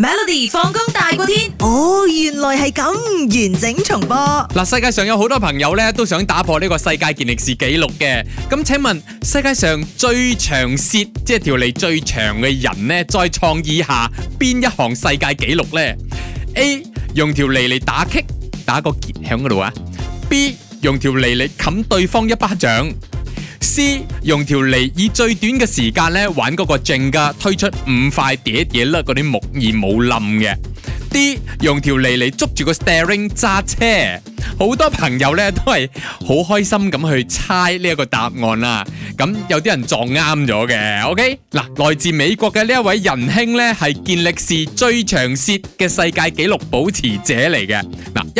Melody 放工大過天，哦，原來係咁，完整重播。嗱，世界上有好多朋友咧都想打破呢個世界健力士紀錄嘅。咁請問世界上最長舌，即係條脷最長嘅人呢，再創以下邊一項世界紀錄呢？A 用條脷嚟打擊，打個結響嗰度啊？B 用條脷嚟冚對方一巴掌。C 用條脷以最短嘅時間咧玩嗰個正㗎，推出五塊疊疊甩嗰啲木而冇冧嘅。D 用條脷嚟捉住個 Steering 揸車。好多朋友咧都係好開心咁去猜呢一個答案啦、啊。咁有啲人撞啱咗嘅。OK 嗱，來自美國嘅呢一位仁兄咧係健力士最長舌嘅世界紀錄保持者嚟嘅。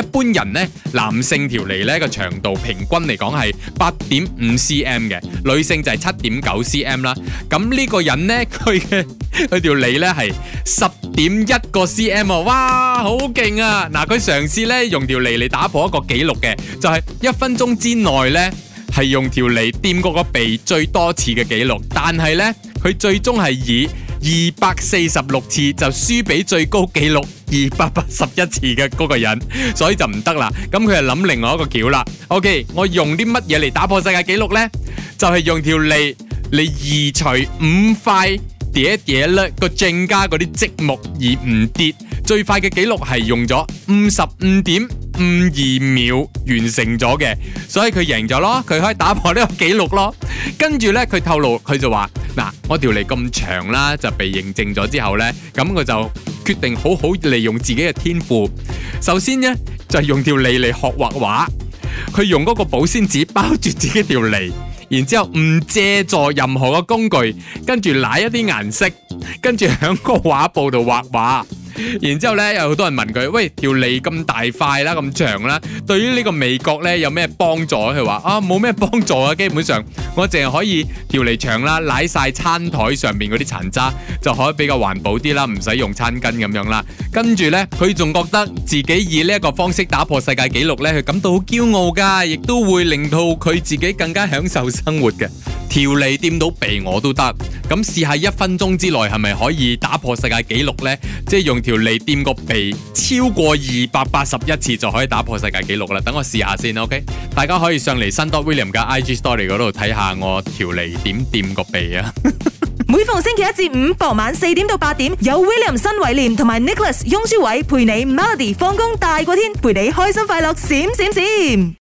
一般人呢，男性條脷，呢個長度平均嚟講係八點五 cm 嘅，女性就係七點九 cm 啦。咁呢個人呢，佢嘅佢條脷呢係十點一個 cm，哇，好勁啊！嗱、啊，佢嘗試呢用條脷嚟打破一個紀錄嘅，就係、是、一分鐘之內呢，係用條脷掂過個鼻最多次嘅紀錄，但係呢，佢最終係以二百四十六次就輸俾最高紀錄二百八十一次嘅嗰個人，所以就唔得啦。咁佢就諗另外一個橋啦。OK，我用啲乜嘢嚟打破世界紀錄呢？就係用條脷嚟移除五塊，疊一疊啦個正加嗰啲積木而唔跌。最快嘅紀錄係用咗五十五點五二秒完成咗嘅，所以佢贏咗咯，佢可以打破呢個紀錄咯。跟住呢，佢透露佢就話：嗱，我條脷咁長啦，就被認證咗之後呢，咁佢就。決定好好利用自己嘅天賦。首先呢，就係用條脷嚟學畫畫，佢用嗰個保鮮紙包住自己條脷，然之後唔借助任何嘅工具，跟住拿一啲顏色，跟住喺個畫布度畫畫。然之後呢，有好多人問佢：喂，條脷咁大塊啦，咁長啦，對於呢個味覺呢，有咩幫助？佢話啊，冇咩幫助啊，基本上啊。我淨係可以條脷長啦，舐晒餐台上面嗰啲殘渣，就可以比較環保啲啦，唔使用，用餐巾咁樣啦。跟住咧，佢仲覺得自己以呢一個方式打破世界紀錄咧，佢感到好驕傲噶，亦都會令到佢自己更加享受生活嘅。條脷掂到鼻我都得。咁試下一分鐘之內係咪可以打破世界紀錄呢？即係用條脷掂個鼻超過二百八十一次就可以打破世界紀錄啦！等我試下先，OK？大家可以上嚟新多 William 嘅 IG Story 嗰度睇下我條脷點掂個鼻啊！ 每逢星期一至五傍晚四點到八點，有 William 新偉廉同埋 Nicholas 翁舒偉陪你 Melody 放工大過天，陪你開心快樂閃閃閃，閃閃閃。